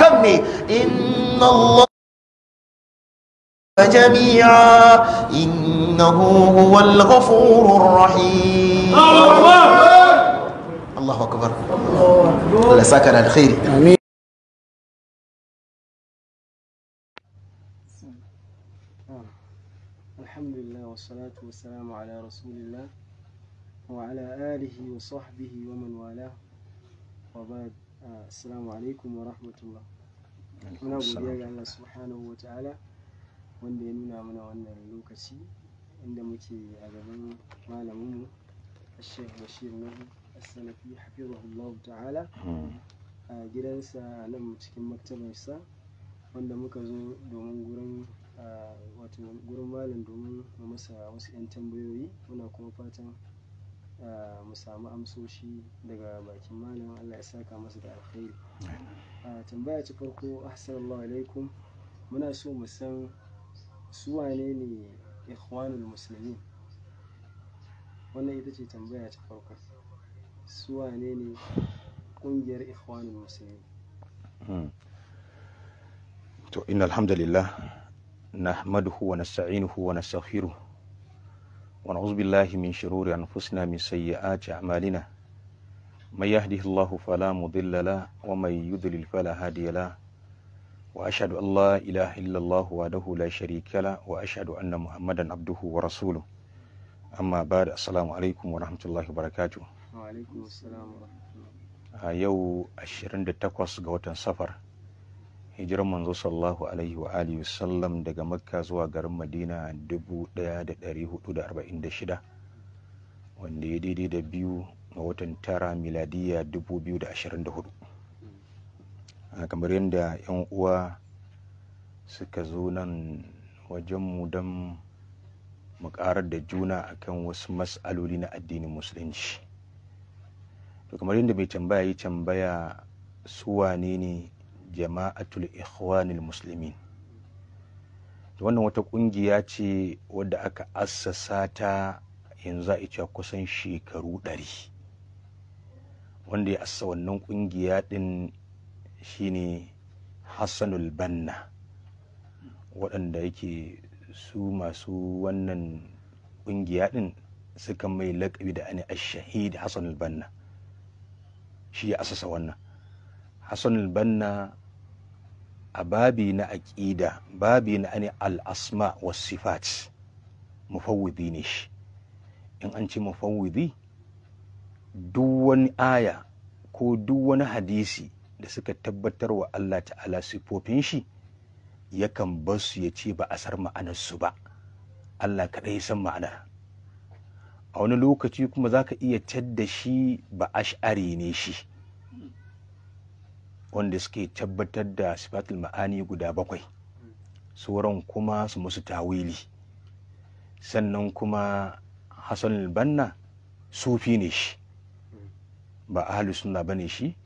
كمي إن الله جميعا إنه هو الغفور الرحيم الله أكبر الله ساكن على الخير آمين الحمد لله والصلاة والسلام على رسول الله وعلى آله وصحبه ومن والاه وبعد assalamu alaikum wa rahmatullah muna godiya ga Allah subhanahu wa ta'ala wanda ya nuna mana wannan lokaci inda muke a gaban malaminmu Sheikh Bashir Nuhu As-Salafi hafizahullahu ta'ala hmm. a gidansa nan cikin maktabarsa wanda muka zo domin gurin wato gurin malam domin mu masa wasu 'yan tambayoyi muna kuma fatan Eh, mu samu amsoshi daga bakin malam Allah ya saka masa da alkhairi eh, tambaya ta farko assalamu alaikum muna so mu san su wane ne ikhwanul muslimin wannan ita ce tambaya ta farko su wane ne kungiyar ikhwanul muslimin hmm. to inna alhamdulillah nahmaduhu wa nasta'inuhu wa nastaghfiruh ونعوذ بالله من شرور أنفسنا من سيئات أعمالنا من يهده الله فلا مضل له ومن يضلل فلا هادي له وأشهد أن لا إله إلا الله وحده لا شريك له وأشهد أن محمدا عبده ورسوله أما بعد السلام عليكم ورحمة الله وبركاته وعليكم السلام ورحمة الله يو 28 ga watan safar hijiran manzo sallallahu alaihi wa alihi sallam daga makka zuwa garin madina 1446 wanda ya daidai da biyu a watan tara miladiya 2024 kamar yadda 'yan uwa suka zo nan wajenmu don mu da juna akan wasu matsaloli na addinin musulunci to kamar yadda mai tambaya yi tambaya su wane ne jama'atul ikhwanil muslimin wannan wata kungiya ce wadda aka assasa ta yanzu a ita kusan shekaru ɗari wanda ya assa wannan kungiya ɗin shine hassanul banna waɗanda yake su masu wannan kungiya ɗin suka mai laƙabi da ani ash-shahid hassanul banna shi ya assasa wannan hassanul banna a babi na aƙida babi na ani al'asma was sifat mufawwidi ne shi in an ce mufawwidi duk wani aya ko duk wani hadisi da suka tabbatar wa Allah ta'ala sifofin shi yakan bar su ya ce ba a san su ba Allah kaɗai san ma'anar a wani lokaci kuma za ka iya tadda shi ba ash'ari ne shi wanda suke tabbatar da sifatul ma'ani guda bakwai sauran kuma su musu tawili sannan kuma hassan banna sufi ne shi ba suna ba ne shi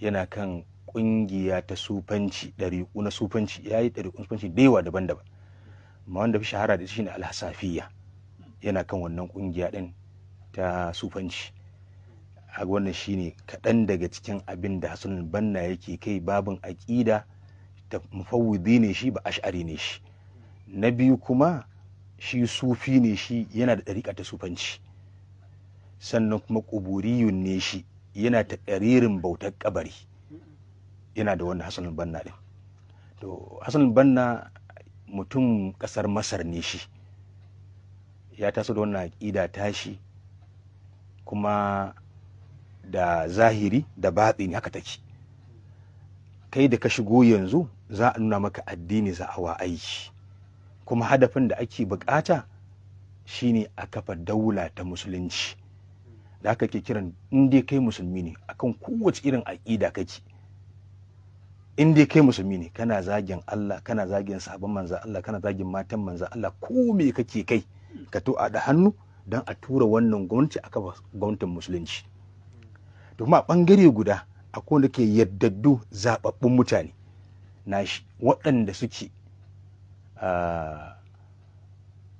yana kan kungiya ta sufanci ɗariƙu na sufanci ya yi na sufanci da daban-daban amma wanda fi shahara da shi ne alhasafiya yana kan wannan kungiya ɗin ta sufanci a wannan shine kaɗan daga cikin abin da hasan banna yake kai babin aƙida ta mufawwidi ne shi ba ash'ari ne shi na biyu kuma shi sufi ne shi yana da ɗariƙa ta sufanci sannan kuma ƙuburiyun ne shi yana ta ƙaririn bautar ƙabari yana da wannan hasanul banna ɗin to banna mutum ƙasar masar ne shi ya taso da wannan aƙida tashi kuma da zahiri da batsi ne haka take kai da ka shigo yanzu za a nuna maka addini za a wa aiki kuma hadafin da ake bukata shine a kafa daula ta musulunci da aka ke kiran in dai kai musulmi ne akan kowace irin aƙida kake in dai kai musulmi ne kana zagin Allah kana zagin sabon manza Allah kana zagin matan manza Allah ko me kake kai ka to a da hannu dan a tura wannan gwamnati a kafa gwamnatin musulunci domin a ɓangare guda a wanda ke yaddaddu zaɓaɓɓun mutane nashi waɗanda suke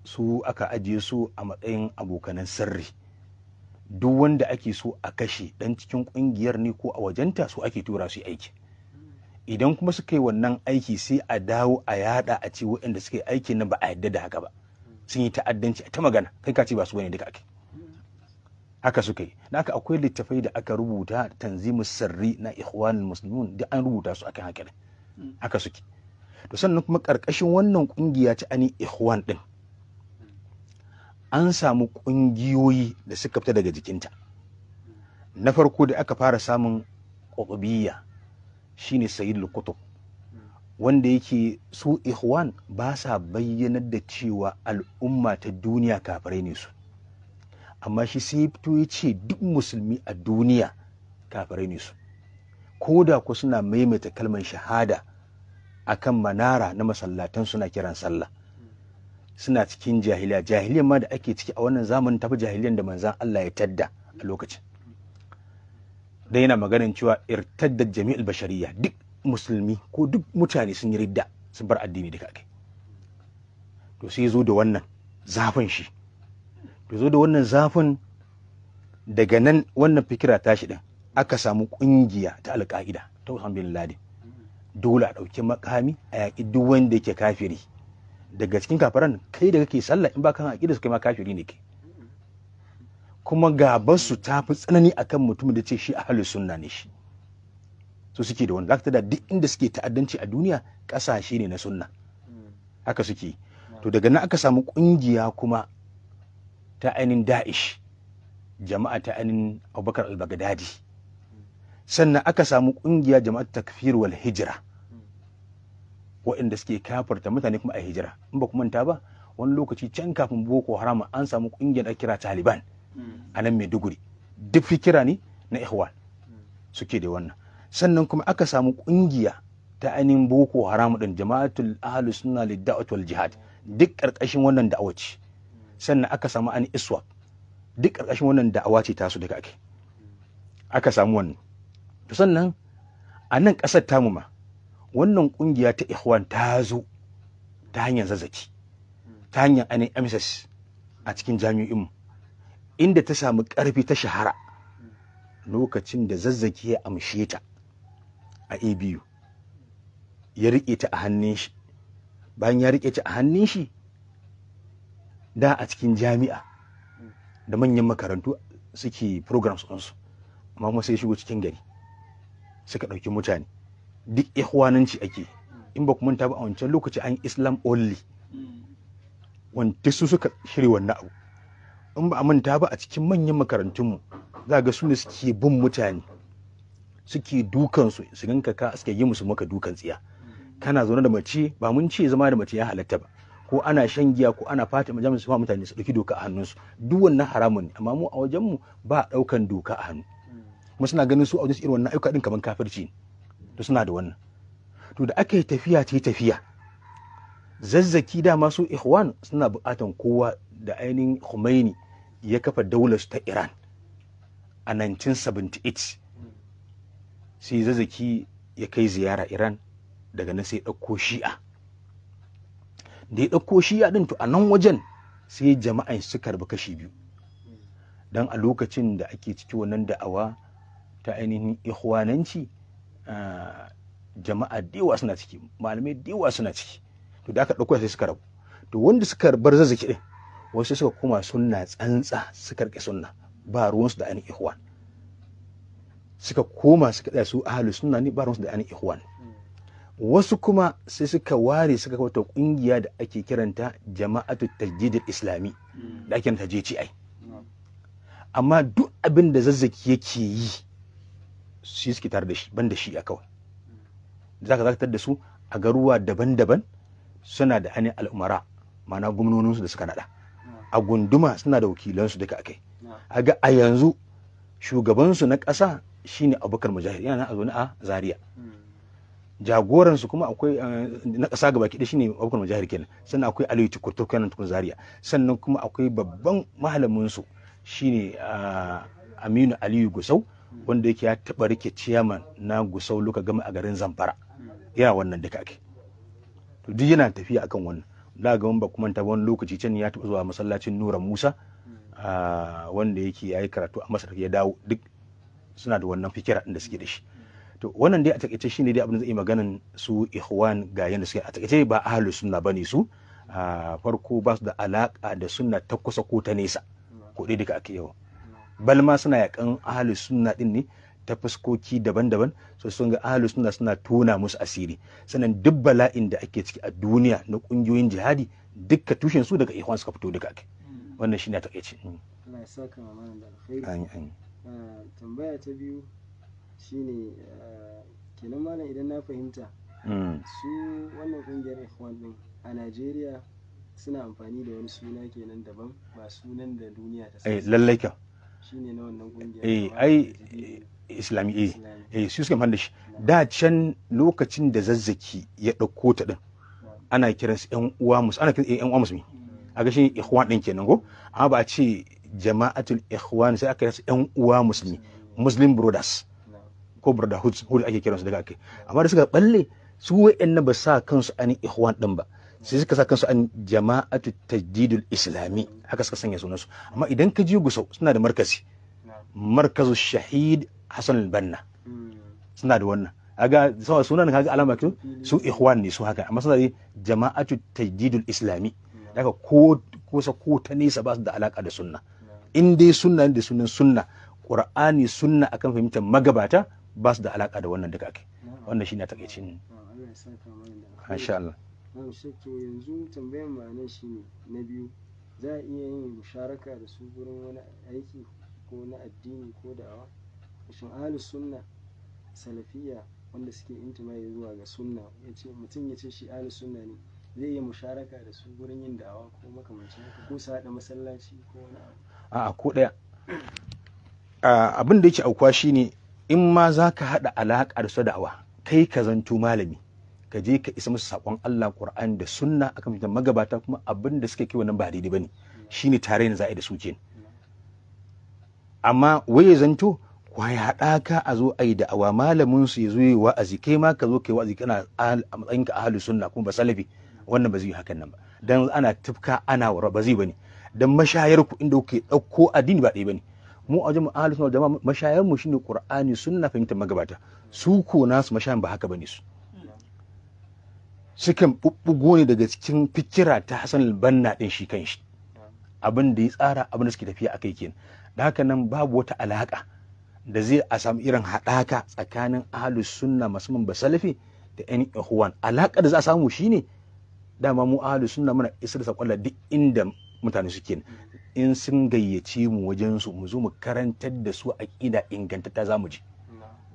su aka ajiye su a matsayin abokanan sirri duk wanda ake so a kashe ɗan cikin ƙungiyar ne ko a wajenta su ake tura su aiki idan kuma suka yi wannan aiki sai a dawo a yada a ce waɗanda suka yi aiki na ba a yadda da haka ba sun yi ta'addanci ta magana kai ka ce ba su bane duka ake haka suka yi da haka akwai littafai da aka rubuta tanzimu sirri na ikhwan muslimun da an rubuta su akan haka ne haka suke to sannan kuma karkashin wannan kungiya ta ani ikhwan din an samu kungiyoyi da suka fita daga jikinta na farko da aka fara samun qutbiyya shine al kutub wanda yake su ikhwan ba sa bayyanar da cewa al'umma ta duniya kafirai ne su amma shi sai ya fito ya ce duk musulmi a duniya kafirai ne su ko da ku suna maimaita kalmar shahada akan manara na masallatan suna kiran sallah suna cikin jahiliya jahiliyan ma da ake ciki a wannan zamanin tafi jahiliyan da manzan Allah ya tadda a lokacin dai yana maganin cewa irtadda jami'ul bashariya duk musulmi ko duk mutane sun yi ridda sun bar addini duka kai to sai zo da wannan zafin shi to zo da wannan zafin daga nan wannan fikira tashi din aka samu kungiya ta alƙa'ida ta alhamdulillah bin dole a ɗauki makami a yaƙi duk wanda yake kafiri daga cikin kafiran kai da kake sallah in ba kan aƙida su kai ma kafiri ne ke kuma gabansu ta fi tsanani akan mutumin da ce shi ahlus sunna ne shi su suke da wani zaka da duk inda suke ta'addanci a duniya ƙasashe ne na sunna haka suke to daga nan aka samu ƙungiya kuma ta ainihin da'ish jama'a ta ainihin abubakar al-baghdadi sannan aka samu kungiya jama'a takfir wal hijira waɗanda suke kafarta mutane kuma a hijira in ba manta ba wani lokaci can kafin boko haram an samu kungiyar akira kira taliban a nan maiduguri duk fikira ne na ihwal suke da wannan sannan kuma aka samu kungiya ta ainihin boko haram ɗin jama'atul ahlus sunna lid wal jihad duk ƙarƙashin wannan da'awaci sannan aka samu an iswa duk ƙarƙashin wannan da'awa ce tasu daga ake aka samu wannan to sannan a nan ƙasar tamu ma wannan ƙungiya ta ihwan ta zo ta hanyar zazzaki ta hanyar anin amsas a cikin jami'in inda ta samu ƙarfi ta shahara lokacin da zazzaki ya amshe ta a abu ya riƙe ta a hannun shi bayan ya riƙe ta a hannun shi da a cikin jami'a da manyan makarantu suke programs ɗinsu amma kuma sai shigo cikin gari suka ɗauki mutane duk ihwananci ake in ba ku manta ba a wancan lokaci an islam only wanda su suka shirya wannan abu in ba a manta ba a cikin manyan makarantunmu za ga su ne suke bin mutane suke dukansu su ganka ka suke yi musu maka dukan tsiya kana zaune da mace ba mun ce zama da mace ya halatta ba ko ana shan giya ko ana fata majalis su mutane su ɗauki doka a hannunsu duk wannan haramun ne amma mu a wajenmu ba a ɗaukan doka a hannu kuma suna ganin su a wajen irin wannan ayyuka din kamar kafirci to suna da wannan to da aka yi tafiya ce tafiya zazzaki dama su ikhwan suna bukatan kowa da ainihin Khomeini ya kafa daular ta Iran a 1978 sai zazzaki ya kai ziyara Iran daga nan sai ɗauko shi'a da ya ɗauko shi ya ɗin to a nan wajen sai jama'an su karbi kashi biyu don a lokacin da ake ciki wannan da'awa ta ainihin ihwananci ah, jama'a dewa suna ciki malamai dewa suna ciki to da aka ɗauko sai suka rabu to wanda suka bar zazzaki ɗin wasu suka koma sunna tsantsa suka rike sunna ba ruwansu da ainihin ihwan suka koma suka tsaya su ahalu sunna ne ba ruwansu da ainihin ihwan wasu kuma sai suka ware suka wata kungiya da ake kiranta jama'atu tajjidil islami hmm. da ake kiranta ai hmm. amma duk abin da zazzaki yake yi shi suke tare da shi ban da shi a kawai hmm. za ka zakatar da su a garuwa daban-daban suna da hannun al'umara mana gwamnoninsu da suka nada a gunduma suna da wakilansu duka akai a ga a yanzu shugabansu na ƙasa shine abubakar mujahid yana a zaune a zaria jagoransu kuma akwai eh, na ƙasa gaba ki shine Abubakar Mujahid kenan sannan akwai Aliyu Tukur kenan tukun Zaria sannan kuma akwai babban malamin su shine eh, Aminu Aliyu Gusau wanda yake ya taba rike chairman na Gusau Luka Gama a garin Zamfara yana wannan duka ake to duk yana tafiya akan wannan da ga ba kuma ta wani lokaci can ya taba zuwa masallacin Nura Musa eh, wanda yake yayi karatu a Masar ya dawo duk suna da wannan fikira da suke da shi to wannan dai a takaice shine dai abin da zai maganan su ikhwan ga yanda suke a takaice ba ahlu sunna bane su a farko ba su da alaka da sunna ta kusa ko ta nesa ko dai duka ake yawa bal ma suna yakan ahlu sunna din ne ta fuskoki daban-daban so sun ga ahlu suna suna tona musu asiri sannan duk bala'in da ake ciki a duniya na kungiyoyin jihadi dukka tushen su daga ikhwan suka fito duka ake wannan shine a takaice hmm. Allah ya saka da alkhairi ah, tambaya ta biyu shine eh, kenan malam idan na fahimta hmm. su wannan kungiyar ikhwan din a Najeriya suna amfani da wani suna kenan daban ba sunan da duniya ta eh, sani. lallai kyau. Shine na wannan kungiyar. Eh ai Islami eh eh su suka da shi. Da can lokacin da zazzaki ya dauko ta din ana kiran su ƴan uwa musu ana kiran eh, ƴan uwa musulmi. Hmm. A ga shi ikhwan din kenan ko amma ba a ce jama'atul ikhwan sai aka yi yan uwa musulmi Muslim Brothers. ko brotherhood hood ake kiransu daga kai amma da suka balle su na ba sa kansu an ihwan din ba sai suka sa kansu an jama'atu tajdidul islami haka suka sanya sunansu amma idan ka ji gusau suna da markazi markazu shahid hasan al-banna suna da wannan aga sawa sunan kaga alama su ihwan ne su haka amma suna da jama'atu tajdidul islami daga ko ko sa ko ta nesa ba su da alaka da sunna in dai sunna da sunan sunna qur'ani sunna akan fahimtar magabata ba su da alaka da wannan duka ake wannan a ah, yanzu tambayar ma'anar shine na biyu za a iya yin musharaka da su addini ko salafiyya wanda suke ga sunna yace mutum shi ne zai yi musharaka da su gurin yin da'awa ko a'a ko ɗaya ah, abin da yake aukuwa shine in ma za ka haɗa alaƙar su da'awa kai ka zanto malami ka je ka isa musu saƙon Allah Qur'an da sunna akan fitan magabata kuma abin da suka kai nan ba daidai bane shine tare ne za a yi da su kenan amma waye zanto kwaya ka a zo a yi da'awa malamin su ya zo yi wa'azi kai ma ka zo kai wa'azi kana a matsayinka ahlus sunna kuma ba salafi wannan ba zai yi hakan nan ba dan ana tufka ana wara ba zai bane dan mashayar ku inda kuke ɗauko addini ba ɗaya bane mu a jama'a ahlus sunna jama'a mashayar mu shine qur'ani sunna fahimtar magabata su ko nasu mashayan ba haka bane su sukan bubbugo ne daga cikin fikira ta Hassan al-Banna din shi kanshi abin da ya tsara abin da suke tafiya akai kenan da haka nan babu wata alaka da zai a samu irin haɗaka tsakanin ahlus sunna musamman basalafi da yan ihuwan alaka da za a samu shine dama mu ahlus sunna muna isar da sakwalla duk inda mutane suke in sun gayyace mu wajen su mu zo mu karantar da su a aƙida ingantatta za mu ji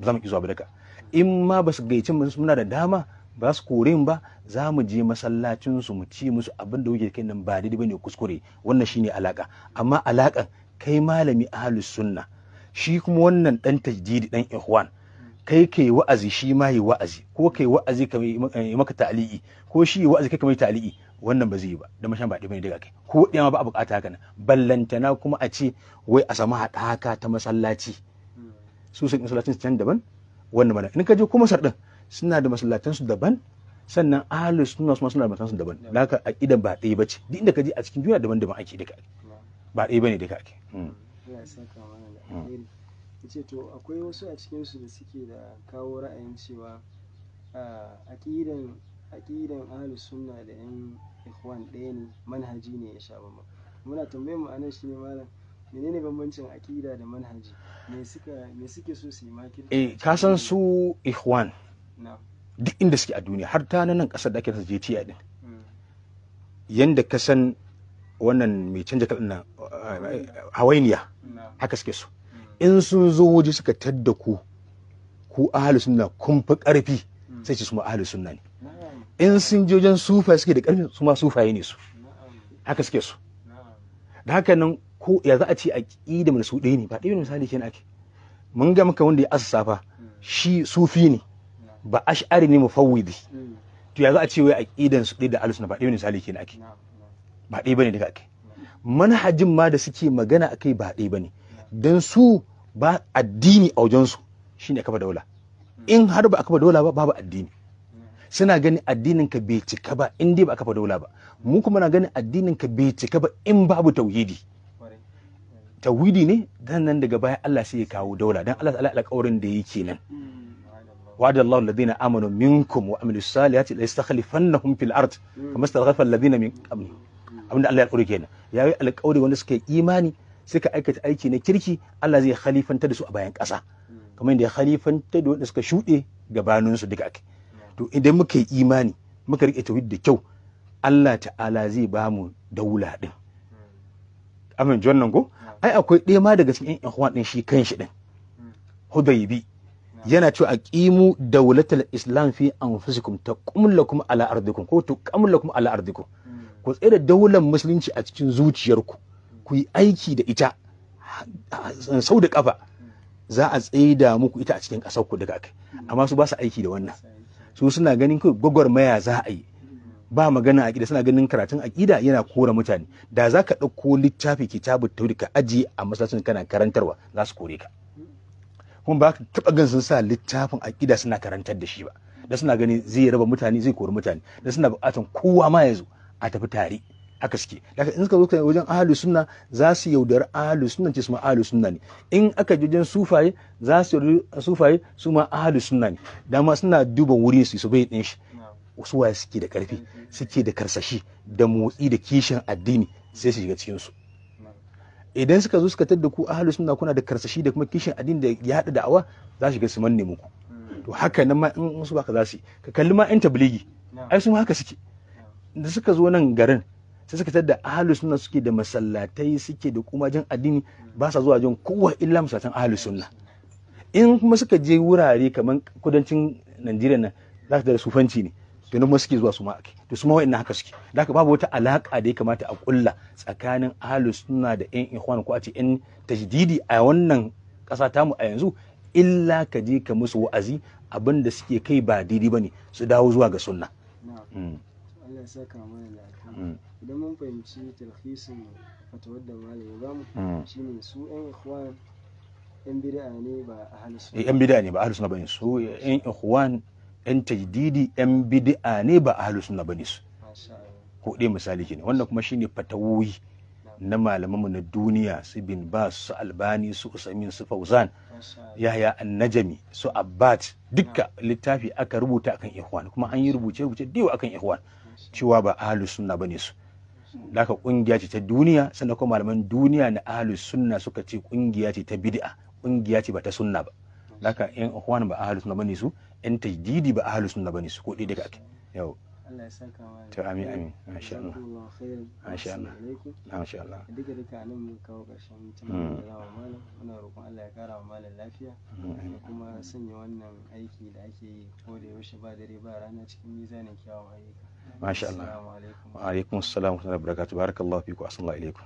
za mu ki zuwa daga in ma ba su gayyace mu muna da dama ba su kore ba za mu je masallacin su mu ci musu abin da kuke kai nan ba daidai bane kuskure wannan shine alaka amma alakan kai malami ahlus sunna shi kuma wannan dan tajdidi dan ihwan kai ke wa'azi shi ma yi wa'azi ko kai wa'azi ka maka ta'ali'i ko shi wa'azi kai kai ta'ali'i wannan ba zai yi ba da mashan ba ɗaya bane daga kai ko ɗaya ma ba a bukata haka nan ballantana kuma a ce wai a samu haɗaka ta masallaci su sun masallacin su can daban wannan ba in ka je kuma sar suna da masallacin su daban sannan ahlus sunna su suna da masallatan su daban da haka idan ba ɗaya bace duk inda ka je a cikin duniya daban-daban ake duka ba ɗaya bane duka ake hmm. Allah to akwai wasu a cikin su da suke da kawo ra'ayin cewa aqidan ah, aƙidan ahlus sunna da yan ikhwan ɗaya ne manhaji ne ya sha bamban muna tambayar mu anan shine malam menene bambancin aƙida da manhaji me suka me suke so su yi makir eh ka san su ikhwan duk inda suke a duniya har ta nan ƙasar da ake rasa JTI din hmm. yanda ka san wannan mai canja kalan nan hawainiya haka suke so hmm. in sun zo waje suka tadda ku ku ahlus sunna kun fi ƙarfi hmm. sai su ma ahlus sunna ne in sun je wajen sufa suke da ƙarfi su ma sufaye ne su haka suke su da haka nan ko ya za a ce a ƙida da su ɗaya ne ba ɗaya ne misali kenan ake mun ga maka wanda ya asasa fa shi sufi ne ba ash'ari ne mufawwidi to ya za a ce wai aqidan su ɗaya da alusuna ba ɗaya ne misali kenan ake ba ɗaya bane daga ake manhajin ma da suke magana akai ba ɗaya bane dan su ba addini a wajen su shine kafa daula in har ba a kafa daula ba babu addini suna ganin addinin ka bai cika ba in dai ba kafa daula ba mu kuma na ganin addinin ka bai cika ba in babu tauhidi tauhidi ne dan nan daga baya Allah sai ya kawo daula dan Allah ta'ala alƙawarin da yake nan Allahu alladhina amanu minkum wa amilus salihati la yastakhlifannahum fil ard kama الذين alladhina min abin da Allah ya alƙawari kenan ya yi alƙawari wanda suka yi imani suka aikata aiki na kirki Allah zai khalifanta da su a bayan ƙasa kamar yadda ya khalifanta da wanda suka shuɗe gabaninsu duka ake to idan muka yi imani muka rike tauhid da kyau Allah ta'ala zai ba mu daula din amin wannan ko ai akwai ɗaya ma daga cikin ikhwan din shi shi din hmm. hudaybi yana cewa aqimu dawlatul islam fi anfusikum taqumlakum ala ardikum ko taqumlakum ala ardikum hmm. ku da daular musulunci a cikin zuciyarku hmm. ku yi aiki da ita sau da kafa za a tsaida muku ita a cikin ku daga kai amma su ba su aiki da wannan su suna ganin kawai maya za a yi ba magana aƙida suna ganin karatun aƙida yana kora mutane da za ka ɗauko littafi kitabu wuri ka aji a masallacin kana karantarwa za su kore ka kun ba ka taɓa gan sun sa littafin aƙida suna karantar da shi ba da suna ganin zai raba mutane zai kori mutane da suna buƙatar kowa ma ya zo a tafi tare haka suke daga in suka zo wajen ahlus sunna za su yaudari ahlus sunna ce su ma ahlus sunna ne in aka je wajen sufaye za su yaudar sufaye su ma ahlus sunna ne dama suna duba wurin su su bai din shi su waye suke da karfi suke da karsashi da motsi da kishin addini sai su shiga cikin su idan suka zo suka tadda ku ahlus sunna kuna da karsashi da kuma kishin addini da ya hada da'awa za su shiga su manne muku hmm. to haka nan ma in su baka za su ka kalli ma in tabligi ai su ma haka suke da suka zo nan garin sai suka tada ahlus sunna suke da masallatai suke da kuma jin addini ba sa zuwa jin kowa illa masallatan ahlus sunna in kuma suka je wurare kamar kudancin Najeriya nan za su da sufanci ne to kuma suke zuwa su ma to su ma wa'annan haka suke da haka babu wata alaka da ya kamata a kulla tsakanin ahlus sunna da yan ikhwan ko a ce yan tajdidi a wannan kasa tamu a yanzu illa ka je ka musu wa'azi abinda suke kai ba daidai ba ne su dawo zuwa ga sunna saka mana da alkhairi mm. idan mun fahimci tarhisin fatawar da malam ya bamu mm. shine su yan ikhwan yan bid'a ne ba ahlus sunna yan eh, bid'a ne ba ahlus sunna bane su yan ikhwan yan tajdidi yan bid'a ne ba ahlus sunna bane su ko dai misali kenan wannan kuma shine fatawoyi na malamanmu na duniya su bin ba su albani su usamin su fauzan yahya annajami su abbat dukka littafi aka rubuta akan ikhwan kuma an yi rubuce rubuce da akan ikhwan cewa ba suna sunna bane su daka kungiya ce ta duniya sannan kuma malaman duniya na ahalus sunna suka ce kungiya ce ta bid'a kungiya ce ba ta sunna ba daka yan ikhwan ba suna sunna bane su yan tajdidi ba suna sunna bane su ko dai daga ake yau Allah ya saka wa to amin amin masha Allah masha Allah masha Allah duka duka nan mun kawo karshen tunanin hmm. da malam muna roƙon Allah ya kara wa malam lafiya da hmm, kuma sanya wannan aiki da ake yi ko da yaushe ba dare ba rana cikin mizanin kyawun ayyuka masha Allah wa alaikum assalam wa rahmatullahi wa barakatuh barakallahu fiku assalamu alaikum